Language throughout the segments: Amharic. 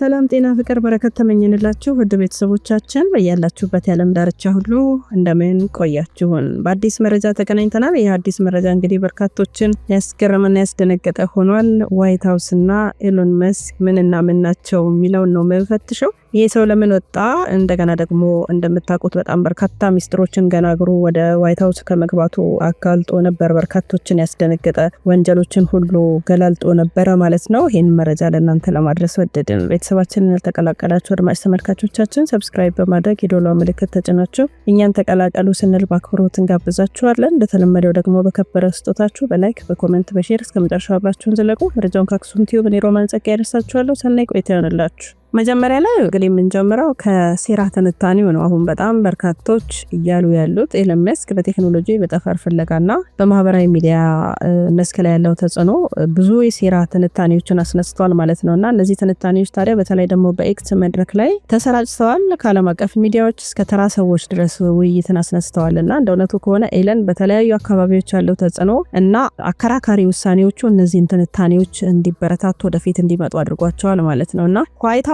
ሰላም ጤና ፍቅር በረከት ተመኝንላችሁ ውድ ቤተሰቦቻችን በያላችሁበት የዓለም ዳርቻ ሁሉ እንደምን ቆያችሁን? በአዲስ መረጃ ተገናኝተናል። ይህ አዲስ መረጃ እንግዲህ በርካቶችን ያስገረመና ያስደነገጠ ሆኗል። ዋይት ሀውስና ኤሎን መስክ ምንና ምን ናቸው የሚለውን ነው የምንፈትሸው። ይህ ሰው ለምን ወጣ? እንደገና ደግሞ እንደምታውቁት በጣም በርካታ ሚስጥሮችን ገና እግሩ ወደ ዋይት ሀውስ ከመግባቱ አጋልጦ ነበር። በርካቶችን ያስደነገጠ ወንጀሎችን ሁሉ ገላልጦ ነበረ ማለት ነው። ይህን መረጃ ለእናንተ ለማድረስ ወደድን። ቤተሰባችንን ያልተቀላቀላችሁ አድማጭ ተመልካቾቻችን ሰብስክራይብ በማድረግ የዶላ ምልክት ተጭናችሁ እኛን ተቀላቀሉ ስንል በአክብሮት እንጋብዛችኋለን። እንደተለመደው ደግሞ በከበረ ስጦታችሁ በላይክ በኮሜንት በሼር እስከ መጨረሻ አብራችሁን መረጃውን ከአክሱም ቲዩብ እኔ ሮማን ጸጋ ያደርሳችኋለሁ። ሰናይ ቆይታ ይሆንላችሁ። መጀመሪያ ላይ እንግዲህ የምንጀምረው ከሴራ ትንታኔው ነው። አሁን በጣም በርካቶች እያሉ ያሉት ኤለን መስክ በቴክኖሎጂ በጠፈር ፍለጋና በማህበራዊ ሚዲያ መስክ ላይ ያለው ተጽዕኖ ብዙ የሴራ ትንታኔዎችን አስነስተዋል ማለት ነው እና እነዚህ ትንታኔዎች ታዲያ በተለይ ደግሞ በኤክስ መድረክ ላይ ተሰራጭተዋል። ከዓለም አቀፍ ሚዲያዎች እስከ ተራ ሰዎች ድረስ ውይይትን አስነስተዋል እና እንደ እውነቱ ከሆነ ኤለን በተለያዩ አካባቢዎች ያለው ተጽዕኖ እና አከራካሪ ውሳኔዎቹ እነዚህን ትንታኔዎች እንዲበረታቱ ወደፊት እንዲመጡ አድርጓቸዋል ማለት ነው እና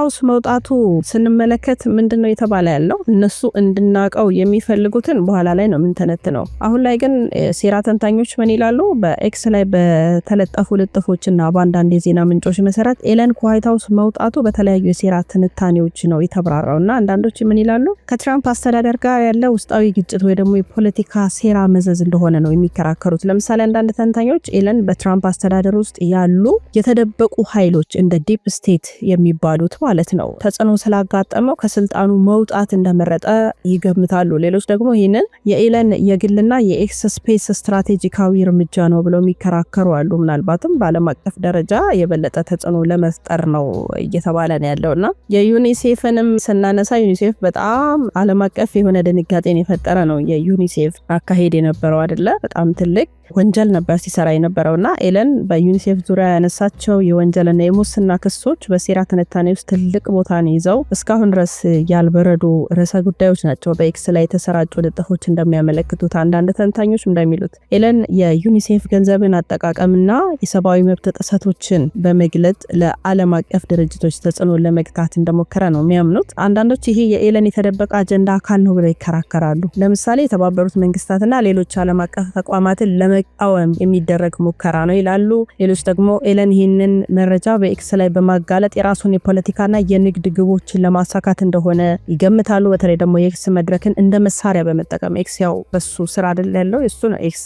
ከቀውስ መውጣቱ ስንመለከት ምንድን ነው የተባለ ያለው እነሱ እንድናውቀው የሚፈልጉትን በኋላ ላይ ነው የምንተነትነው። አሁን ላይ ግን ሴራ ተንታኞች ምን ይላሉ? በኤክስ ላይ በተለጠፉ ልጥፎችና በአንዳንድ የዜና ምንጮች መሰረት ኤለን ከዋይት ሀውስ መውጣቱ በተለያዩ የሴራ ትንታኔዎች ነው የተብራራው እና አንዳንዶች ምን ይላሉ? ከትራምፕ አስተዳደር ጋር ያለ ውስጣዊ ግጭት ወይ ደግሞ የፖለቲካ ሴራ መዘዝ እንደሆነ ነው የሚከራከሩት። ለምሳሌ አንዳንድ ተንታኞች ኤለን በትራምፕ አስተዳደር ውስጥ ያሉ የተደበቁ ኃይሎች እንደ ዲፕ ስቴት የሚባሉት ማለት ማለት ነው። ተጽዕኖ ስላጋጠመው ከስልጣኑ መውጣት እንደመረጠ ይገምታሉ። ሌሎች ደግሞ ይህንን የኤለን የግልና የኤክስ ስፔስ ስትራቴጂካዊ እርምጃ ነው ብለው የሚከራከሩ አሉ። ምናልባትም በዓለም አቀፍ ደረጃ የበለጠ ተጽዕኖ ለመፍጠር ነው እየተባለ ነው ያለው እና የዩኒሴፍንም ስናነሳ ዩኒሴፍ በጣም ዓለም አቀፍ የሆነ ድንጋጤን የፈጠረ ነው። የዩኒሴፍ አካሄድ የነበረው አይደለ በጣም ትልቅ ወንጀል ነበር ሲሰራ የነበረውና ኤለን በዩኒሴፍ ዙሪያ ያነሳቸው የወንጀልና የሙስና ክሶች በሴራ ትንታኔ ውስጥ ትልቅ ቦታን ይዘው እስካሁን ድረስ ያልበረዱ ርዕሰ ጉዳዮች ናቸው። በኤክስ ላይ የተሰራጩ ልጥፎች እንደሚያመለክቱት አንዳንድ ተንታኞች እንደሚሉት ኤለን የዩኒሴፍ ገንዘብን አጠቃቀምና የሰብአዊ መብት ጥሰቶችን በመግለጥ ለዓለም አቀፍ ድርጅቶች ተጽዕኖ ለመግታት እንደሞከረ ነው የሚያምኑት። አንዳንዶች ይሄ የኤለን የተደበቀ አጀንዳ አካል ነው ብለው ይከራከራሉ። ለምሳሌ የተባበሩት መንግስታትና ሌሎች ዓለም አቀፍ ተቋማትን ለመቃወም የሚደረግ ሙከራ ነው ይላሉ። ሌሎች ደግሞ ኤለን ይህንን መረጃ በኤክስ ላይ በማጋለጥ የራሱን የፖለቲካና የንግድ ግቦችን ለማሳካት እንደሆነ ይገምታሉ። በተለይ ደግሞ የኤክስ መድረክን እንደ መሳሪያ በመጠቀም ኤክስ ያው በሱ ስራ አይደል ያለው እሱ ነው ኤክስ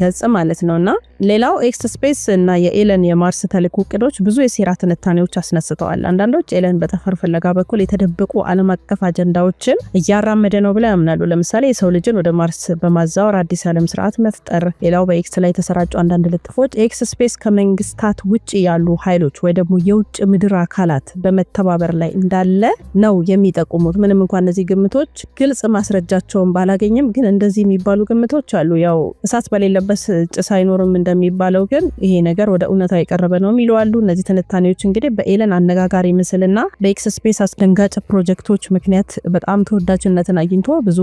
ገጽ ማለት ነው። እና ሌላው ኤክስ ስፔስ እና የኤለን የማርስ ተልእኮ እቅዶች ብዙ የሴራ ትንታኔዎች አስነስተዋል። አንዳንዶች ኤለን በጠፈር ፍለጋ በኩል የተደበቁ ዓለም አቀፍ አጀንዳዎችን እያራመደ ነው ብለው ያምናሉ። ለምሳሌ የሰው ልጅን ወደ ማርስ በማዛወር አዲስ ዓለም ስርዓት መፍጠር። ሌላው በኤክስ ላይ የተሰራጩ አንዳንድ ልጥፎች ኤክስ ስፔስ ከመንግስታት ውጭ ያሉ ኃይሎች ወይ ደግሞ የውጭ ምድር አካላት በመተባ መተባበር ላይ እንዳለ ነው የሚጠቁሙት። ምንም እንኳን እነዚህ ግምቶች ግልጽ ማስረጃቸውን ባላገኝም፣ ግን እንደዚህ የሚባሉ ግምቶች አሉ። ያው እሳት በሌለበት ጭስ አይኖርም እንደሚባለው፣ ግን ይሄ ነገር ወደ እውነታው የቀረበ ነው የሚሉ አሉ። እነዚህ ትንታኔዎች እንግዲህ በኤለን አነጋጋሪ ምስልና በኤክስ ስፔስ አስደንጋጭ ፕሮጀክቶች ምክንያት በጣም ተወዳጅነትን አግኝቶ ብዙ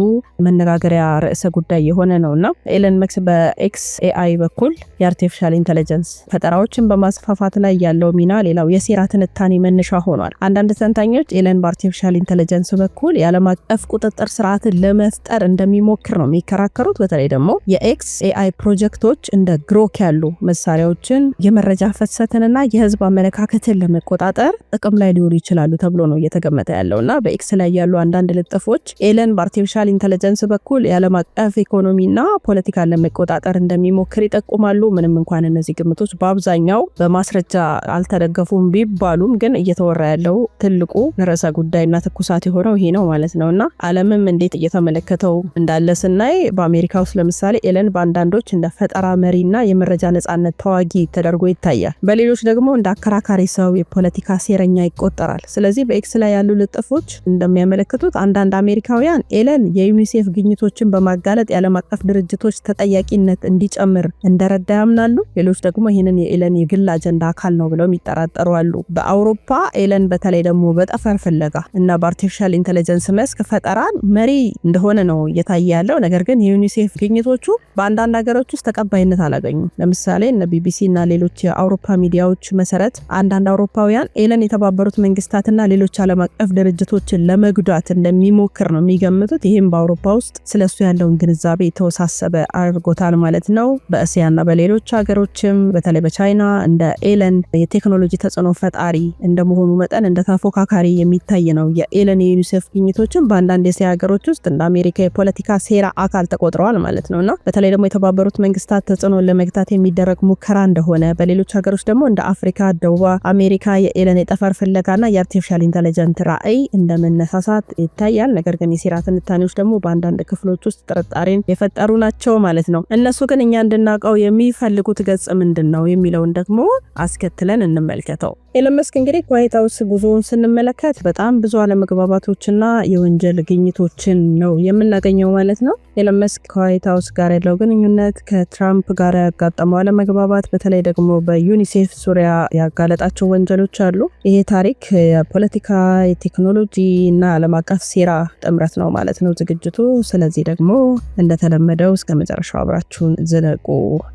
መነጋገሪያ ርዕሰ ጉዳይ የሆነ ነው እና ኤለን መስክ በኤክስ ኤአይ በኩል የአርቲፊሻል ኢንቴሊጀንስ ፈጠራዎችን በማስፋፋት ላይ ያለው ሚና ሌላው የሴራ ትንታኔ መነሻ ሆኗል። አንዳንድ ተንታኞች ኤለን በአርቲፊሻል ኢንቴሊጀንስ በኩል የዓለም አቀፍ ቁጥጥር ስርዓትን ለመፍጠር እንደሚሞክር ነው የሚከራከሩት። በተለይ ደግሞ የኤክስ ኤአይ ፕሮጀክቶች እንደ ግሮክ ያሉ መሳሪያዎችን የመረጃ ፍሰትንና የህዝብ አመለካከትን ለመቆጣጠር ጥቅም ላይ ሊውሉ ይችላሉ ተብሎ ነው እየተገመተ ያለው እና በኤክስ ላይ ያሉ አንዳንድ ልጥፎች ኤለን በአርቲፊሻል ኢንቴሊጀንስ በኩል የዓለም አቀፍ ኢኮኖሚና ፖለቲካን ለመቆጣጠር እንደሚሞክር ይጠቁማሉ። ምንም እንኳን እነዚህ ግምቶች በአብዛኛው በማስረጃ አልተደገፉም ቢባሉም ግን እየተወራ ያለው ትልቁ ርዕሰ ጉዳይና ትኩሳት የሆነው ይሄ ነው ማለት ነው እና አለምም እንዴት እየተመለከተው እንዳለ ስናይ በአሜሪካ ውስጥ ለምሳሌ ኤለን በአንዳንዶች እንደ ፈጠራ መሪና የመረጃ ነጻነት ተዋጊ ተደርጎ ይታያል። በሌሎች ደግሞ እንደ አከራካሪ ሰው፣ የፖለቲካ ሴረኛ ይቆጠራል። ስለዚህ በኤክስ ላይ ያሉ ልጥፎች እንደሚያመለክቱት አንዳንድ አሜሪካውያን ኤለን የዩኒሴፍ ግኝቶችን በማጋለጥ የዓለም አቀፍ ድርጅቶች ተጠያቂነት እንዲጨምር እንደረዳ ያምናሉ። ሌሎች ደግሞ ይህንን የኤለን የግል አጀንዳ አካል ነው ብለውም ይጠራጠሩ አሉ። በአውሮፓ ኤለን በተ በተለይ ደግሞ በጠፈር ፍለጋ እና በአርቲፊሻል ኢንቴሊጀንስ መስክ ፈጠራን መሪ እንደሆነ ነው እየታየ ያለው። ነገር ግን የዩኒሴፍ ግኝቶቹ በአንዳንድ ሀገሮች ውስጥ ተቀባይነት አላገኙም። ለምሳሌ እነ ቢቢሲ እና ሌሎች የአውሮፓ ሚዲያዎች መሰረት አንዳንድ አውሮፓውያን ኤለን የተባበሩት መንግስታትና ሌሎች ዓለም አቀፍ ድርጅቶችን ለመጉዳት እንደሚሞክር ነው የሚገምቱት። ይህም በአውሮፓ ውስጥ ስለሱ ያለውን ግንዛቤ የተወሳሰበ አድርጎታል ማለት ነው። በእስያና በሌሎች ሀገሮችም በተለይ በቻይና እንደ ኤለን የቴክኖሎጂ ተጽዕኖ ፈጣሪ እንደመሆኑ መጠን እንደ ተፎካካሪ የሚታይ ነው። የኤለን የዩኒሴፍ ግኝቶችን በአንዳንድ የእስያ ሀገሮች ውስጥ እንደ አሜሪካ የፖለቲካ ሴራ አካል ተቆጥረዋል ማለት ነው እና በተለይ ደግሞ የተባበሩት መንግስታት ተጽዕኖ ለመግታት የሚደረግ ሙከራ እንደሆነ፣ በሌሎች ሀገሮች ደግሞ እንደ አፍሪካ፣ ደቡብ አሜሪካ የኤለን የጠፈር ፍለጋና የአርቲፊሻል ኢንተለጀንት ራዕይ እንደ መነሳሳት ይታያል። ነገር ግን የሴራ ትንታኔዎች ደግሞ በአንዳንድ ክፍሎች ውስጥ ጥርጣሬን የፈጠሩ ናቸው ማለት ነው። እነሱ ግን እኛ እንድናውቀው የሚፈልጉት ገጽ ምንድን ነው የሚለውን ደግሞ አስከትለን እንመልከተው። ኤለን መስክ እንግዲህ ዋይት ሀውስ ጉዞ መረጃውን ስንመለከት በጣም ብዙ አለመግባባቶችና የወንጀል ግኝቶችን ነው የምናገኘው ማለት ነው። ኤለን መስክ ከዋይት ሀውስ ጋር ያለው ግንኙነት ከትራምፕ ጋር ያጋጠመው አለመግባባት፣ በተለይ ደግሞ በዩኒሴፍ ዙሪያ ያጋለጣቸው ወንጀሎች አሉ። ይሄ ታሪክ የፖለቲካ የቴክኖሎጂ እና ዓለም አቀፍ ሴራ ጥምረት ነው ማለት ነው ዝግጅቱ። ስለዚህ ደግሞ እንደተለመደው እስከ መጨረሻው አብራችሁን ዝለቁ።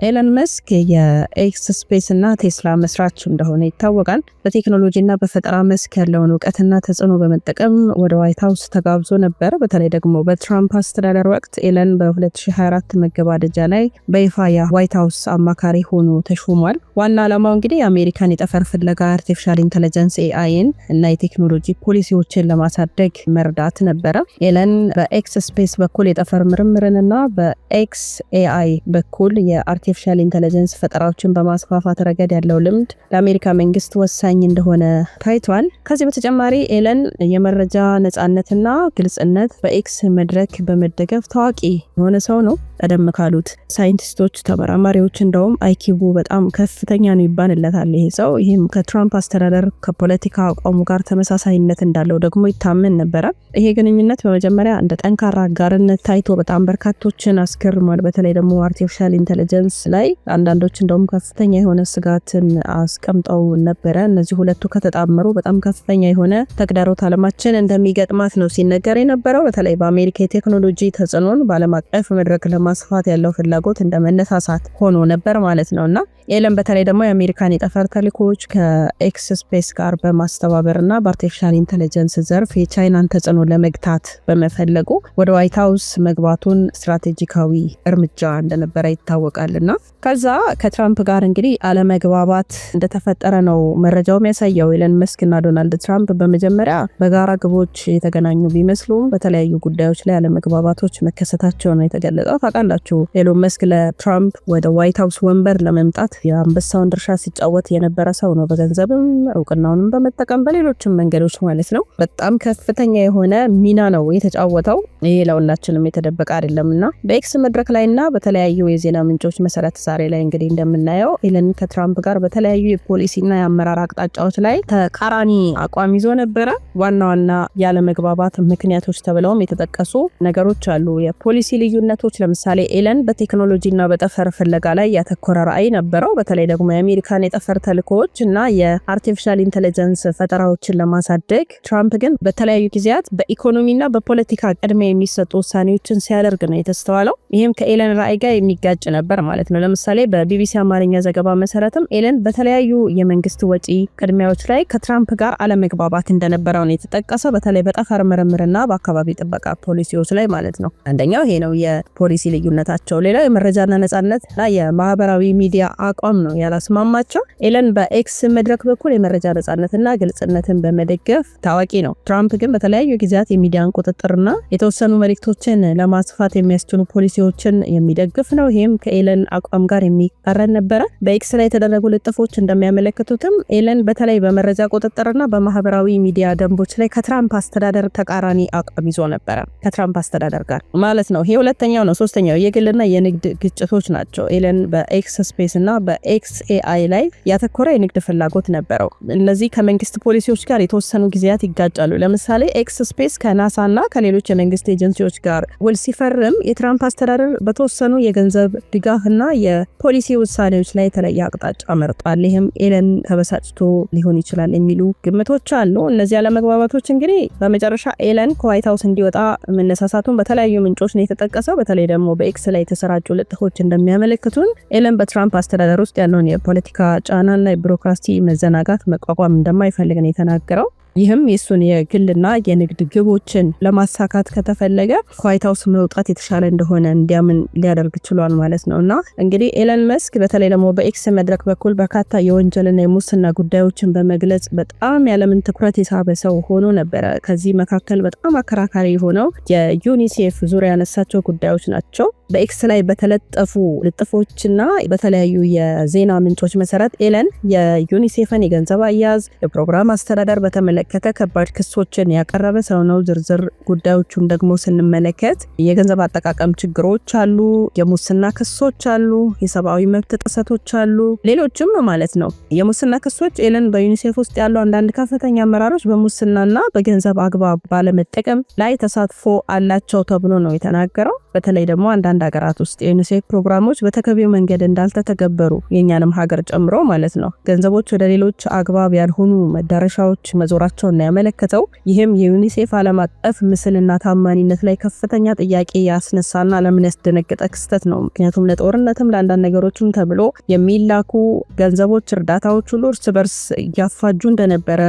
ኤለን መስክ የኤክስ ስፔስ እና ቴስላ መስራች እንደሆነ ይታወቃል። በቴክኖሎጂ እና በፈጠራ መስክ ያለውን እውቀትና ተጽዕኖ በመጠቀም ወደ ዋይት ሀውስ ተጋብዞ ነበር። በተለይ ደግሞ በትራምፕ አስተዳደር ወቅት ኤለን በ2024 መገባደጃ ላይ በይፋ የዋይት ሀውስ አማካሪ ሆኖ ተሾሟል። ዋና ዓላማው እንግዲህ የአሜሪካን የጠፈር ፍለጋ አርቲፊሻል ኢንቴለጀንስ ኤአይን እና የቴክኖሎጂ ፖሊሲዎችን ለማሳደግ መርዳት ነበረ። ኤለን በኤክስ ስፔስ በኩል የጠፈር ምርምርንና በኤክስ ኤአይ በኩል የአርቲፊሻል ኢንቴለጀንስ ፈጠራዎችን በማስፋፋት ረገድ ያለው ልምድ ለአሜሪካ መንግስት ወሳኝ እንደሆነ ታይቷል። ከዚህ በተጨማሪ ኤለን የመረጃ ነጻነትና ግልጽነት በኤክስ መድረክ በመደገፍ ታዋ ታዋቂ የሆነ ሰው ነው። ቀደም ካሉት ሳይንቲስቶች፣ ተመራማሪዎች እንደውም አይኪቡ በጣም ከፍተኛ ነው ይባልለታል ይሄ ሰው። ይህም ከትራምፕ አስተዳደር ከፖለቲካ አቋሙ ጋር ተመሳሳይነት እንዳለው ደግሞ ይታመን ነበረ። ይሄ ግንኙነት በመጀመሪያ እንደ ጠንካራ አጋርነት ታይቶ በጣም በርካቶችን አስገርሟል። በተለይ ደግሞ አርቲፊሻል ኢንቴሊጀንስ ላይ አንዳንዶች እንደውም ከፍተኛ የሆነ ስጋትን አስቀምጠው ነበረ። እነዚህ ሁለቱ ከተጣመሩ በጣም ከፍተኛ የሆነ ተግዳሮት አለማችን እንደሚገጥማት ነው ሲነገር የነበረው። በተለይ በአሜሪካ የቴክኖሎጂ ተጽዕኖን ባለም አቀፍ መድረክ ለማስፋት ያለው ፍላጎት እንደ መነሳሳት ሆኖ ነበር ማለት ነው እና ኤለን በተለይ ደግሞ የአሜሪካን የጠፈር ተልኮች ከኤክስ ስፔስ ጋር በማስተባበር እና በአርቲፊሻል ኢንቴሊጀንስ ዘርፍ የቻይናን ተጽዕኖ ለመግታት በመፈለጉ ወደ ዋይት ሀውስ መግባቱን ስትራቴጂካዊ እርምጃ እንደነበረ ይታወቃል እና ከዛ ከትራምፕ ጋር እንግዲህ አለመግባባት እንደተፈጠረ ነው መረጃው የሚያሳየው። ኤለን መስክ እና ዶናልድ ትራምፕ በመጀመሪያ በጋራ ግቦች የተገናኙ ቢመስሉም በተለያዩ ጉዳዮች ላይ አለመግባባቶች መከሰታቸው ነው የተገለጸው። ታውቃላችሁ ኤሎን መስክ ለትራምፕ ወደ ዋይት ሀውስ ወንበር ለመምጣት የአንበሳውን ድርሻ ሲጫወት የነበረ ሰው ነው። በገንዘብም እውቅናውንም በመጠቀም በሌሎችም መንገዶች ማለት ነው። በጣም ከፍተኛ የሆነ ሚና ነው የተጫወተው። ይሄ ለሁላችንም የተደበቀ አይደለም እና በኤክስ መድረክ ላይ እና በተለያዩ የዜና ምንጮች መሰረት ዛሬ ላይ እንግዲህ እንደምናየው ኤለን ከትራምፕ ጋር በተለያዩ የፖሊሲና የአመራር አቅጣጫዎች ላይ ተቃራኒ አቋም ይዞ ነበረ። ዋና ዋና ያለመግባባት ምክንያቶች ተብለውም የተጠቀሱ ነገሮች አሉ። የፖሊሲ ልዩነቶች ለምሳሌ ኤለን በቴክኖሎጂና በጠፈር ፍለጋ ላይ ያተኮረ ራዕይ ነበረ። የሚሰራው በተለይ ደግሞ የአሜሪካን የጠፈር ተልኮዎች እና የአርቲፊሻል ኢንቴሊጀንስ ፈጠራዎችን ለማሳደግ ትራምፕ ግን በተለያዩ ጊዜያት በኢኮኖሚና በፖለቲካ ቅድሚያ የሚሰጡ ውሳኔዎችን ሲያደርግ ነው የተስተዋለው። ይህም ከኤለን ራዕይ ጋር የሚጋጭ ነበር ማለት ነው። ለምሳሌ በቢቢሲ አማርኛ ዘገባ መሰረትም ኤለን በተለያዩ የመንግስት ወጪ ቅድሚያዎች ላይ ከትራምፕ ጋር አለመግባባት እንደነበረው ነው የተጠቀሰው። በተለይ በጠፈር ምርምርና በአካባቢ ጥበቃ ፖሊሲዎች ላይ ማለት ነው። አንደኛው ይሄ ነው የፖሊሲ ልዩነታቸው። ሌላው የመረጃና ነጻነት እና የማህበራዊ ሚዲያ አቋም ነው ያላስማማቸው። ኤለን በኤክስ መድረክ በኩል የመረጃ ነጻነትና ግልጽነትን በመደገፍ ታዋቂ ነው። ትራምፕ ግን በተለያዩ ጊዜያት የሚዲያን ቁጥጥርና የተወሰኑ መልእክቶችን ለማስፋት የሚያስችሉ ፖሊሲዎችን የሚደግፍ ነው። ይህም ከኤለን አቋም ጋር የሚቀረን ነበረ። በኤክስ ላይ የተደረጉ ልጥፎች እንደሚያመለክቱትም ኤለን በተለይ በመረጃ ቁጥጥርና በማህበራዊ ሚዲያ ደንቦች ላይ ከትራምፕ አስተዳደር ተቃራኒ አቋም ይዞ ነበረ። ከትራምፕ አስተዳደር ጋር ማለት ነው። ይሄ ሁለተኛው ነው። ሶስተኛው የግልና የንግድ ግጭቶች ናቸው። ኤለን በኤክስ ስፔስ እና በኤክስኤአይ ላይ ያተኮረ የንግድ ፍላጎት ነበረው። እነዚህ ከመንግስት ፖሊሲዎች ጋር የተወሰኑ ጊዜያት ይጋጫሉ። ለምሳሌ ኤክስ ስፔስ ከናሳና ከሌሎች የመንግስት ኤጀንሲዎች ጋር ውል ሲፈርም የትራምፕ አስተዳደር በተወሰኑ የገንዘብ ድጋፍና የፖሊሲ ውሳኔዎች ላይ የተለየ አቅጣጫ መርጧል። ይህም ኤለን ተበሳጭቶ ሊሆን ይችላል የሚሉ ግምቶች አሉ። እነዚህ አለመግባባቶች እንግዲህ በመጨረሻ ኤለን ከዋይት ሀውስ እንዲወጣ መነሳሳቱን በተለያዩ ምንጮች ነው የተጠቀሰው። በተለይ ደግሞ በኤክስ ላይ የተሰራጩ ልጥፎች እንደሚያመለክቱን ኤለን በትራምፕ አስተዳደር ሀገር ውስጥ ያለውን የፖለቲካ ጫናና የቢሮክራሲ መዘናጋት መቋቋም እንደማይፈልግ ነው የተናገረው። ይህም የሱን የግልና የንግድ ግቦችን ለማሳካት ከተፈለገ ከዋይት ሀውስ መውጣት የተሻለ እንደሆነ እንዲያምን ሊያደርግ ችሏል ማለት ነው። እና እንግዲህ ኤለን መስክ በተለይ ደግሞ በኤክስ መድረክ በኩል በርካታ የወንጀልና የሙስና ጉዳዮችን በመግለጽ በጣም ያለምን ትኩረት የሳበ ሰው ሆኖ ነበረ። ከዚህ መካከል በጣም አከራካሪ የሆነው የዩኒሴፍ ዙሪያ ያነሳቸው ጉዳዮች ናቸው። በኤክስ ላይ በተለጠፉ ልጥፎችና በተለያዩ የዜና ምንጮች መሰረት ኤለን የዩኒሴፍን የገንዘብ አያያዝ፣ የፕሮግራም አስተዳደር በተመለ በተመለከተ ከባድ ክሶችን ያቀረበ ሰው ነው። ዝርዝር ጉዳዮቹን ደግሞ ስንመለከት የገንዘብ አጠቃቀም ችግሮች አሉ፣ የሙስና ክሶች አሉ፣ የሰብአዊ መብት ጥሰቶች አሉ፣ ሌሎችም ማለት ነው። የሙስና ክሶች ኤለን በዩኒሴፍ ውስጥ ያሉ አንዳንድ ከፍተኛ አመራሮች በሙስናና በገንዘብ አግባብ ባለመጠቀም ላይ ተሳትፎ አላቸው ተብሎ ነው የተናገረው። በተለይ ደግሞ አንዳንድ ሀገራት ውስጥ የዩኒሴፍ ፕሮግራሞች በተገቢው መንገድ እንዳልተተገበሩ የእኛንም ሀገር ጨምሮ ማለት ነው ገንዘቦች ወደ ሌሎች አግባብ ያልሆኑ መዳረሻዎች መዞራ መሆናቸውን ያመለከተው። ይህም የዩኒሴፍ ዓለም አቀፍ ምስልና ታማኒነት ላይ ከፍተኛ ጥያቄ ያስነሳና ዓለምን ያስደነገጠ ክስተት ነው። ምክንያቱም ለጦርነትም ለአንዳንድ ነገሮችም ተብሎ የሚላኩ ገንዘቦች፣ እርዳታዎች ሁሉ እርስ በርስ እያፋጁ እንደነበረ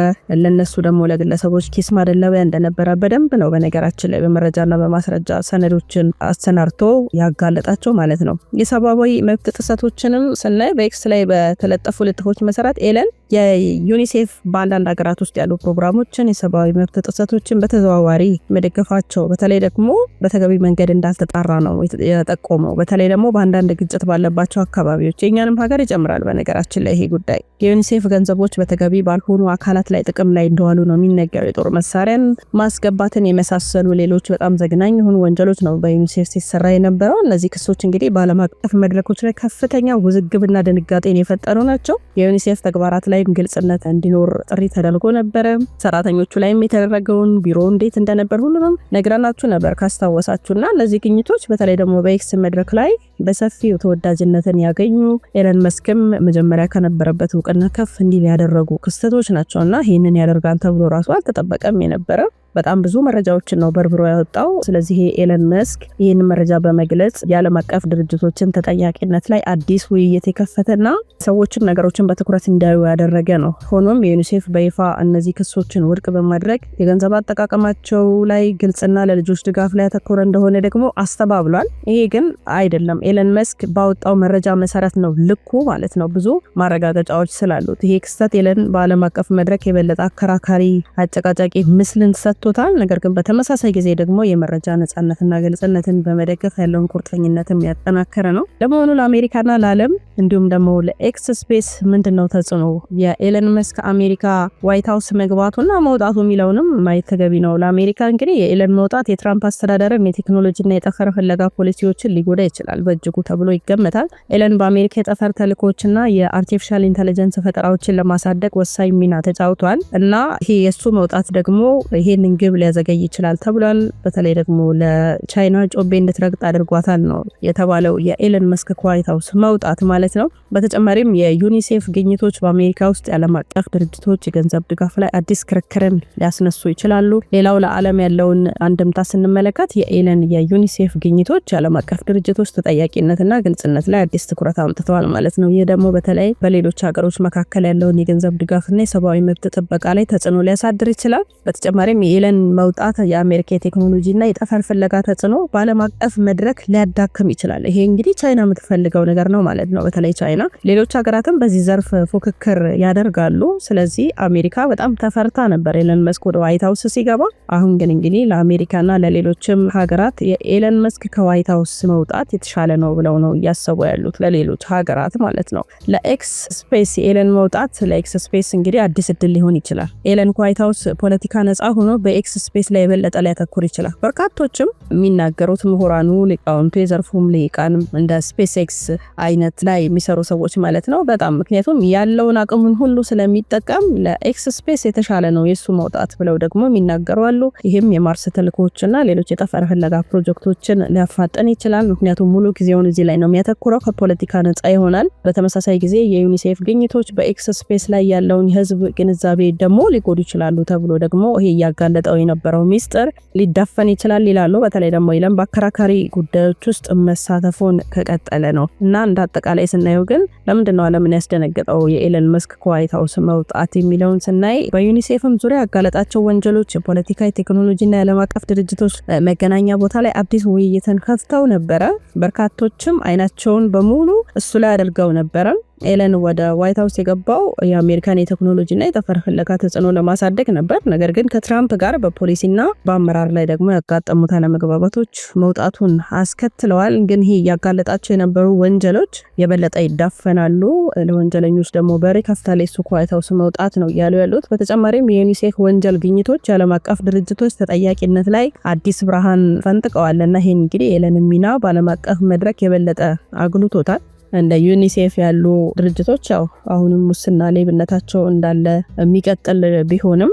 ለነሱ ደግሞ ለግለሰቦች ኪስ ማደለቢያ እንደነበረ በደንብ ነው በነገራችን ላይ በመረጃና በማስረጃ ሰነዶችን አሰናርቶ ያጋለጣቸው ማለት ነው። የሰብአዊ መብት ጥሰቶችንም ስናይ በኤክስ ላይ በተለጠፉ ልጥፎች መሰረት ኤለን የዩኒሴፍ በአንዳንድ ሀገራት ውስጥ ያሉ ፕሮግራሞችን የሰብአዊ መብት ጥሰቶችን በተዘዋዋሪ መደገፋቸው በተለይ ደግሞ በተገቢ መንገድ እንዳልተጣራ ነው የጠቆመው። በተለይ ደግሞ በአንዳንድ ግጭት ባለባቸው አካባቢዎች የእኛንም ሀገር ይጨምራል። በነገራችን ላይ ይሄ ጉዳይ የዩኒሴፍ ገንዘቦች በተገቢ ባልሆኑ አካላት ላይ ጥቅም ላይ እንደዋሉ ነው የሚነገሩ። የጦር መሳሪያን ማስገባትን የመሳሰሉ ሌሎች በጣም ዘግናኝ የሆኑ ወንጀሎች ነው በዩኒሴፍ ሲሰራ የነበረው። እነዚህ ክሶች እንግዲህ በዓለም አቀፍ መድረኮች ላይ ከፍተኛ ውዝግብና ድንጋጤን የፈጠሩ ናቸው። የዩኒሴፍ ተግባራት ላይም ግልጽነት እንዲኖር ጥሪ ተደርጎ ነበረ። ሰራተኞቹ ላይም የተደረገውን ቢሮ እንዴት እንደነበር ሁሉንም ነግረናችሁ ነበር ካስታወሳችሁና እነዚህ ግኝቶች በተለይ ደግሞ በኤክስ መድረክ ላይ በሰፊው ተወዳጅነትን ያገኙ ኤለን መስክም መጀመሪያ ከነበረበት እውቅና ከፍ እንዲል ያደረጉ ክስተቶች ናቸውና ይህንን ያደርጋል ተብሎ ራሱ አልተጠበቀም የነበረ በጣም ብዙ መረጃዎችን ነው በርብሮ ያወጣው። ስለዚህ ኤለን መስክ ይህንን መረጃ በመግለጽ የዓለም አቀፍ ድርጅቶችን ተጠያቂነት ላይ አዲስ ውይይት የከፈተና ሰዎችን ነገሮችን በትኩረት እንዲያዩ ያደረገ ነው። ሆኖም የዩኒሴፍ በይፋ እነዚህ ክሶችን ውድቅ በማድረግ የገንዘብ አጠቃቀማቸው ላይ ግልጽና ለልጆች ድጋፍ ላይ ያተኮረ እንደሆነ ደግሞ አስተባብሏል። ይሄ ግን አይደለም ኤለን መስክ ባወጣው መረጃ መሰረት ነው ልኩ ማለት ነው። ብዙ ማረጋገጫዎች ስላሉት ይሄ ክስተት ኤለን በዓለም አቀፍ መድረክ የበለጠ አከራካሪ አጨቃጫቂ ምስልን ሰጥቶ ሰጥቶታል። ነገር ግን በተመሳሳይ ጊዜ ደግሞ የመረጃ ነጻነትና ግልጽነትን በመደገፍ ያለውን ቁርጠኝነትም ያጠናከረ ነው። ለመሆኑ ለአሜሪካና ለዓለም እንዲሁም ደግሞ ለኤክስ ስፔስ ምንድን ነው ተጽዕኖ የኤለን መስክ አሜሪካ ዋይት ሀውስ መግባቱና መውጣቱ የሚለውንም ማየት ተገቢ ነው። ለአሜሪካ እንግዲህ የኤለን መውጣት የትራምፕ አስተዳደርም የቴክኖሎጂና የጠፈር ፍለጋ ፖሊሲዎችን ሊጎዳ ይችላል በእጅጉ ተብሎ ይገመታል። ኤለን በአሜሪካ የጠፈር ተልእኮችና የአርቲፊሻል ኢንቴሊጀንስ ፈጠራዎችን ለማሳደግ ወሳኝ ሚና ተጫውቷል እና ይሄ የእሱ መውጣት ደግሞ ይሄን ምግብ ሊያዘገይ ይችላል ተብሏል። በተለይ ደግሞ ለቻይና ጮቤ እንድትረግጥ አድርጓታል ነው የተባለው የኤለን መስክ ከዋይት ሀውስ መውጣት ማለት ነው። በተጨማሪም የዩኒሴፍ ግኝቶች በአሜሪካ ውስጥ የዓለም አቀፍ ድርጅቶች የገንዘብ ድጋፍ ላይ አዲስ ክርክርን ሊያስነሱ ይችላሉ። ሌላው ለዓለም ያለውን አንድምታ ስንመለከት የኤለን የዩኒሴፍ ግኝቶች የዓለም አቀፍ ድርጅቶች ተጠያቂነትና ግልጽነት ላይ አዲስ ትኩረት አምጥተዋል ማለት ነው። ይህ ደግሞ በተለይ በሌሎች ሀገሮች መካከል ያለውን የገንዘብ ድጋፍና የሰብአዊ መብት ጥበቃ ላይ ተጽዕኖ ሊያሳድር ይችላል። በተጨማሪም ብለን መውጣት የአሜሪካ የቴክኖሎጂ እና የጠፈር ፍለጋ ተጽዕኖ በዓለም አቀፍ መድረክ ሊያዳክም ይችላል። ይሄ እንግዲህ ቻይና የምትፈልገው ነገር ነው ማለት ነው። በተለይ ቻይና፣ ሌሎች ሀገራትም በዚህ ዘርፍ ፉክክር ያደርጋሉ። ስለዚህ አሜሪካ በጣም ተፈርታ ነበር ኤለን መስክ ወደ ዋይት ሀውስ ሲገባ። አሁን ግን እንግዲህ ለአሜሪካና ለሌሎችም ሀገራት የኤለን መስክ ከዋይት ሀውስ መውጣት የተሻለ ነው ብለው ነው እያሰቡ ያሉት፣ ለሌሎች ሀገራት ማለት ነው። ለኤክስ ስፔስ የኤለን መውጣት ለኤክስ ስፔስ እንግዲህ አዲስ እድል ሊሆን ይችላል። ኤለን ከዋይት ሀውስ ፖለቲካ ነጻ ሆኖ የኤክስ ስፔስ ላይ የበለጠ ሊያተኩር ይችላል። በርካቶችም የሚናገሩት ምሁራኑ፣ ሊቃውንቱ፣ የዘርፉም ሊቃንም እንደ ስፔስ ኤክስ አይነት ላይ የሚሰሩ ሰዎች ማለት ነው በጣም ምክንያቱም ያለውን አቅሙን ሁሉ ስለሚጠቀም ለኤክስ ስፔስ የተሻለ ነው የእሱ መውጣት ብለው ደግሞ የሚናገሩ አሉ። ይህም የማርስ ተልእኮዎችና ሌሎች የጠፈር ፍለጋ ፕሮጀክቶችን ሊያፋጠን ይችላል። ምክንያቱም ሙሉ ጊዜውን እዚህ ላይ ነው የሚያተኩረው፣ ከፖለቲካ ነጻ ይሆናል። በተመሳሳይ ጊዜ የዩኒሴፍ ግኝቶች በኤክስ ስፔስ ላይ ያለውን የህዝብ ግንዛቤ ደግሞ ሊጎዱ ይችላሉ ተብሎ ደግሞ ይሄ እያጋለ የተጋለጠው የነበረው ሚስጥር ሊዳፈን ይችላል ይላሉ። በተለይ ደግሞ ኢለን በአከራካሪ ጉዳዮች ውስጥ መሳተፉን ከቀጠለ ነው እና እንደ አጠቃላይ ስናየው ግን ለምንድነው ነው ዓለምን ያስደነገጠው የኤለን መስክ ከዋይት ሀውስ መውጣት የሚለውን ስናይ በዩኒሴፍም ዙሪያ ያጋለጣቸው ወንጀሎች የፖለቲካ የቴክኖሎጂና የዓለም አቀፍ ድርጅቶች መገናኛ ቦታ ላይ አዲስ ውይይትን ከፍተው ነበረ። በርካቶችም አይናቸውን በሙሉ እሱ ላይ አድርገው ነበረ። ኤለን ወደ ዋይት ሀውስ የገባው የአሜሪካን የቴክኖሎጂና የጠፈር ፍለጋ ተጽዕኖ ለማሳደግ ነበር። ነገር ግን ከትራምፕ ጋር በፖሊሲና በአመራር ላይ ደግሞ ያጋጠሙት አለመግባባቶች መውጣቱን አስከትለዋል። ግን ይህ እያጋለጣቸው የነበሩ ወንጀሎች የበለጠ ይዳፈናሉ፣ ለወንጀለኞች ደግሞ በር ይከፍታል የሱ ከዋይት ሀውስ መውጣት ነው እያሉ ያሉት። በተጨማሪም የዩኒሴፍ ወንጀል ግኝቶች የዓለም አቀፍ ድርጅቶች ተጠያቂነት ላይ አዲስ ብርሃን ፈንጥቀዋል እና ይህን እንግዲህ ኤለን ሚና በዓለም አቀፍ መድረክ የበለጠ አግኑቶታል። እንደ ዩኒሴፍ ያሉ ድርጅቶች ያው አሁንም ሙስና ሌብነታቸው እንዳለ የሚቀጥል ቢሆንም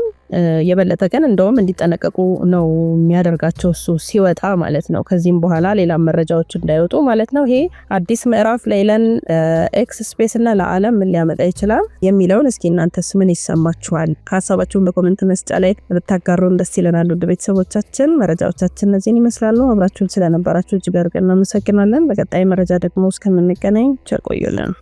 የበለጠ ግን እንደውም እንዲጠነቀቁ ነው የሚያደርጋቸው እሱ ሲወጣ ማለት ነው። ከዚህም በኋላ ሌላ መረጃዎች እንዳይወጡ ማለት ነው። ይሄ አዲስ ምዕራፍ ለይለን ኤክስ ስፔስ እና ለዓለም ምን ሊያመጣ ይችላል የሚለውን እስኪ እናንተስ ምን ይሰማችኋል? ከሀሳባችሁን በኮመንት መስጫ ላይ ብታጋሩን ደስ ይለናል። ውድ ቤተሰቦቻችን መረጃዎቻችን እነዚህን ይመስላሉ። አብራችሁን ስለነበራችሁ እጅግ አድርገን እናመሰግናለን። በቀጣይ መረጃ ደግሞ እስከምንገናኝ ቸር ቆዩልን።